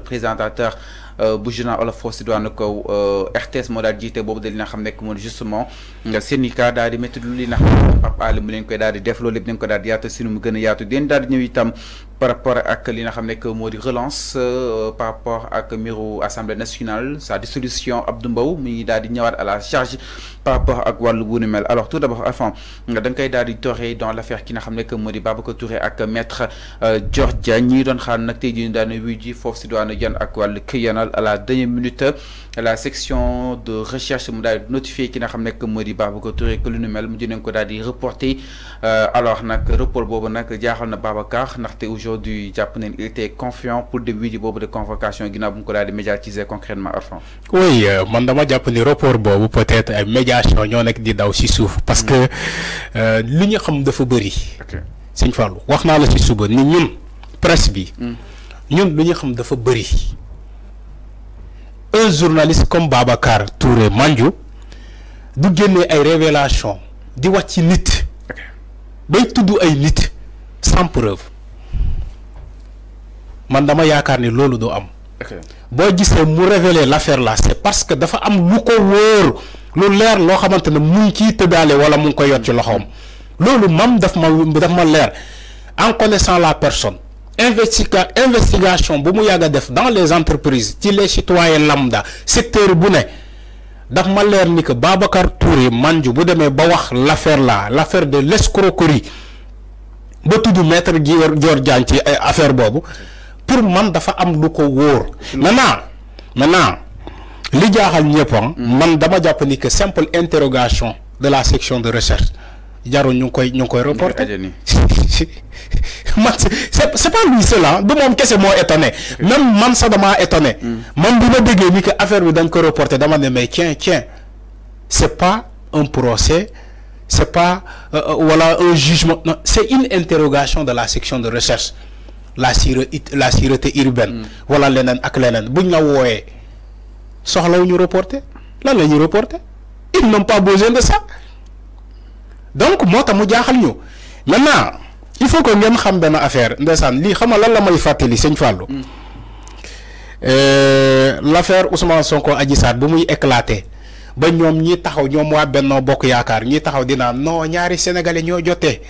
présentateur euh, bu journal Wolof force si doon kaw euh, RTS moo daal jiite boobu li xam justement euh, syndicat daal di métti lu li n'a xam ne Pape Alé mu koy di def loolu lépp ko daal yaatu yaatu den par rapport ak li nga xam nekk modi relance par rapport ak miro assemblée nationale sa dissolution Abdou Mbow mu ngi di à la charge par rapport ak walu bu mel alors tout d'abord enfin da nga koy di dans l'affaire ki nga xam nekk modi babako Touré ak maître georgia Diagne ñi doon xaar nak tey jii ñu daan wuy ji foofu si doon yan ak wàllu à la dernière minute la section de recherche m'a notifié qu'il nga xam que moo di Babacar Touré que lu nu mel pas nañ reporté alors nag report boobu nak jaaxal na Babacar ndaxte aujourd'hui japonais il était confiant pour début du boobu de convocation ginnaaw bu mu ko médiatiser concrètement Arfan oui euh, man japonais ni report boobu peut-être ay médiation en a di daw ci souffre parce que li comme euh, xam dafa c'est une fois wax naa la ci suba ni ñun presse bi hmm. ñun li xam dafa un journaliste comme Babacar Touré Mandio du génne ay révélation di wax nit bay ay nit sans preuve man dama ni am bo nous mu révéler l'affaire là c'est parce que dafa am lu ko l'air lu leer lo xamantene mu ngi wala mu ngi koy yott ci loxom en connaissant la personne investiga investigation bu mu yàgg def dans les entreprises ci les citoyens lambda secteur bu ne daf ma leer ni que Babacar Touré manju bu demee ba wax l' là l'affaire de l'escroquerie escroquerie ba tudd maître gior Diagne ci eh, affaire boobu pour man dafa am lu ko maintenant maintenant li jaaxal ñëpp ah, man dama jàpp ni que simple interrogation de la section de recherche. Diarra ñu koy ñu koy reporté c'est c'est pas lui seul De mon hein. moom c'est moi étonné même man sax étonné Même bi ma déggee ni que affaire bi dañ ko reporté dama mais tiens tiens c'est pas un procès c'est pas voilà euh, euh, un jugement non c'est une interrogation de la section de recherche la sûre la sûreté urbaine Voilà mm. leneen ak leneen buñ la wooyee soxlawu ñu reporté lan la ñuy reporter ils n'ont pas besoin de ça donc moo tax mu jaaxal ñu maintenant il faut que ngeen xam benn affaire ndeysaan lii xam nga lan la may fàttali sëñ Fallou. Mm. Euh, l' affaire Ousmane Sonko Adji Sarr bu muy éclaté ba ñoom ñi taxaw ñoom waa Benno Bokk Yaakaar ñi taxaw di naan non ñaari sénégalais ñoo jotee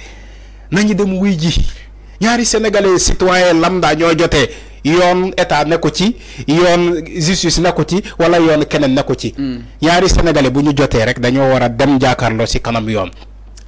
nañu dem wuy ji ñaari sénégalais citoyen lambda ñoo jotee yoon état nekku ci yoon justice nekku ci wala yoon keneen nekku ci. Mm. ñaari sénégalais bu ñu jotee rek dañoo war a dem jàkkaarloo si kanam yoon.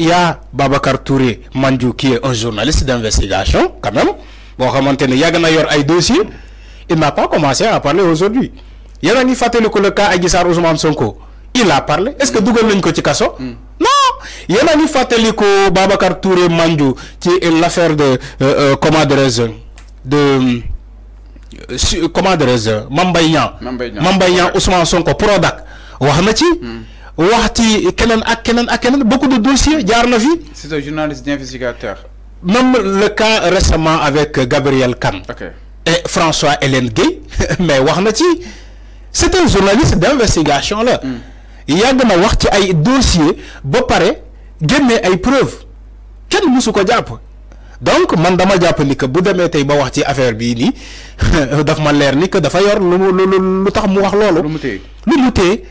il y a Babacar Touré manjou qui est un journaliste d'investigation quand même. Bon, il y a un dossier. Il n'a pas commencé à parler aujourd'hui. Il y a un faté le cas Aguissar Ousmane Sonko. Il a parlé. Est-ce que Dougal l'a Tikasso? Hmm. Non Il y a un faté le Babacar Touré manjou qui est l'affaire de euh, euh comment de euh, comment Mambayan je Mambaïan Ousmane Sonko Prodac. Wahamati wax Kenan, keneen ak ak beaucoup de dossiers jaar la fi. c'est un journaliste d'investigateur. même le cas récemment avec Gabriel Kane. et François Hélène gay mais waxna ci c'est un journaliste d'investigation là hmm. y a na wax ci ay dossiers ba paré génne ay preuves Ken mësu ko jàpp. donc man dama japp ni que bu demee tay ba wax ci affaire bi ni daf ma leer ni que dafa yor lu lu lu tax mu wax lu muté lu muté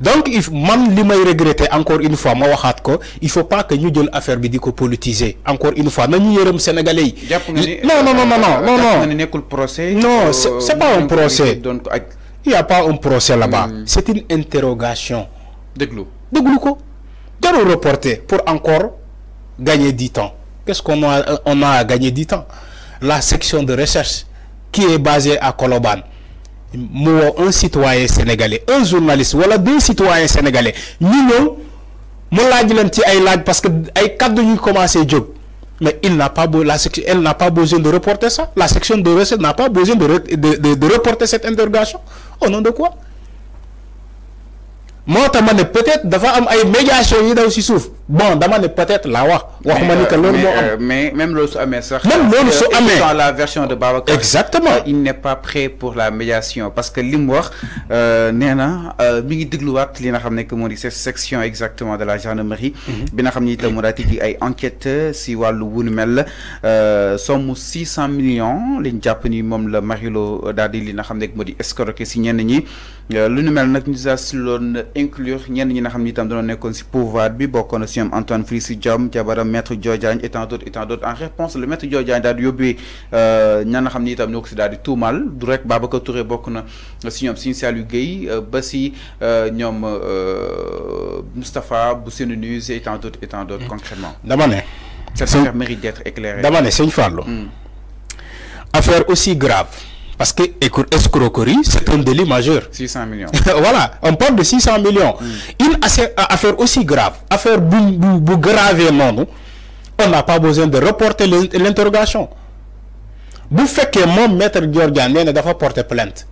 donc il man regretter encore une fois ma ne il faut pas que ñu jël affaire bi politiser encore une fois nañu sommes sénégalais non non non non non non non euh, c'est pas un procès il n'y a pas un procès là-bas. Hmm. c'est une interrogation. de de De ko de reporter pour encore gagner du temps qu'est-ce qu'on a on a gagné du temps la section de recherche qui est basée à Colobane un citoyen sénégalais un journaliste voilà deux citoyens sénégalais nous nous, mu nous, ay parce que ay nous nous commencé mais il n'a pas la section elle n'a pas besoin de reporter ça la section de recette n'a pas besoin de, de, de, reporter cette interrogation au nom de quoi Moi, peut-être dafa am médiation yi bon dama ne peut-être la wax waxuma ni que loolu mais euh, même loolu su sax même euh, dans la version de Babacar exactement euh, il n'est pas prêt pour la médiation parce que li mu wax nee na mi ngi dégluwaat li nga xam que moo cette section exactement de la gendarmerie mhm. bi nga xam ne itam mu daal ay enquête si wàllu wunu mel somme 600 cent millions liñ jàpp ni moom la Marilo d'adi di li nga xam que moo di escroqué si ñenn ñi lu nu mel ñu inclure ñenn ñi nga xam ne itam pouvoir bi bokkoon Antoine Félix Diom Diabara maître et tant d'autres et tant d'autres en réponse le maître Diodiagne daal di euh, mal nous ni itam ñoo ko tout mal Touré euh, ba euh, euh, et tant d'autres et tant d'autres concrètement. dama cette affaire mérite d'être éclairée. Hmm. affaire aussi grave. Parce que escroquerie, c'est un délit majeur. 600 millions. voilà, on parle de 600 millions. Hmm. Une euh, affaire aussi grave, affaire gravement, grave, on n'a pas besoin de reporter l'interrogation. Vous faites que mon maître ne doit pas porter plainte.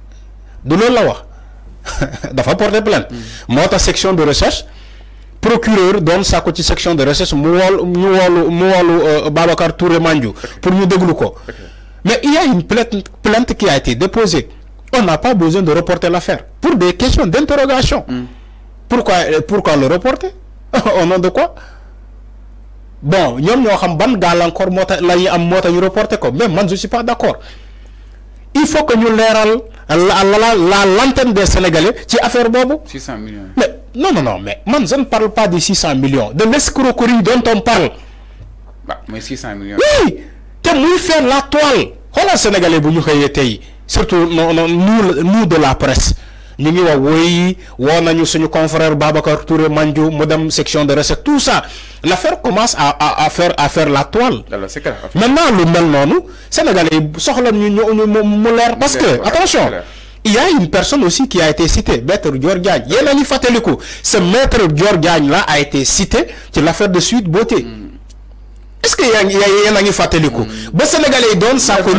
De l'autre, il faut porter plainte. Hmm. Moi, ta section de recherche, procureur donne sa section de recherche, euh, pour nous mais il y a une plainte, qui a été déposée. On n'a pas besoin de reporter l'affaire. Pour des questions d'interrogation. Hmm. Pourquoi, le reporter Au nom de quoi Bon, nous avons ban gal encore la yi am mota reporter mais moi, je suis pas d'accord. Il faut que nous léral la l'antenne des sénégalais c'est affaire bobu 600 millions. Mais non non non mais je ne parle pas des 600 millions de l'escroquerie dont on parle. Bah, mais 600 millions. Oui te muy faire la toile xoolal sénégalais bu ñu xëyee tey surtout non non nous nous de la presse ñu ngi wax woyi woo nañu suñu confrère Babacar Touré Mandiou mu section de recette tout ça l'affaire commence à à à faire à faire la toile. Ah, maintenant lu mel noonu sénégalais yi soxla ñu ñu mu leer parce que attention. il y a une personne aussi qui a été citée, Maître Dior Gagne. Ce maître Dior là a été cité sur l'affaire de suite beauté. Mm est-ce que y ngi yéen a le hmm. ba sénégalais donne sa sàkku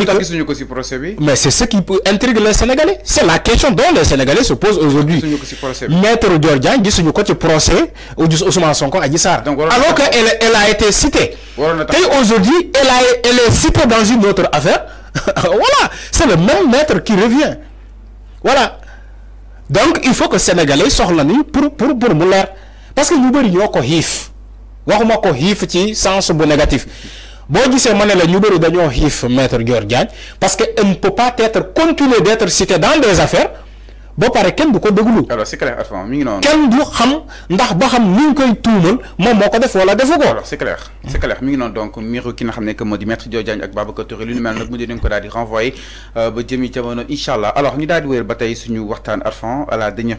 mais c'est ce qui intrigue les sénégalais c'est la question dont les sénégalais se posent aujourd'hui maître Dior gisuñu ko ci procès Ousmane Sonko Adji Sarr alors qu'elle, elle a été citée aujourd'hui elle est citée dans une autre affaire voilà c'est le même maître qui revient voilà donc il faut que sénégalais soxla ni pour pour pour mouler parce que nous bëri ñoo waxuma ko xiif ci sens bu négatif bo gisee ma la ñu bëru dañoo hif maître Dior Diagne parce que on ne peut pas être continuer d'être cité dans des affaires ba paré kenn du ko déglu. alors c'est clair mi ngi non kenn du xam ndax ba xam ni ñu koy tuumal mom moko def wala defu ko. alors c'est clair c'est clair mi ngi non donc miiru ki nga xam ne que moo maître Dior Diagne ak Babacar Touré lu ñu mel nak mu di ko daal renvoyer renvoyé euh, ba jëmi ci incha Inshallah. alors ñu daal di batay suñu waxtaan Arfan à la dernière.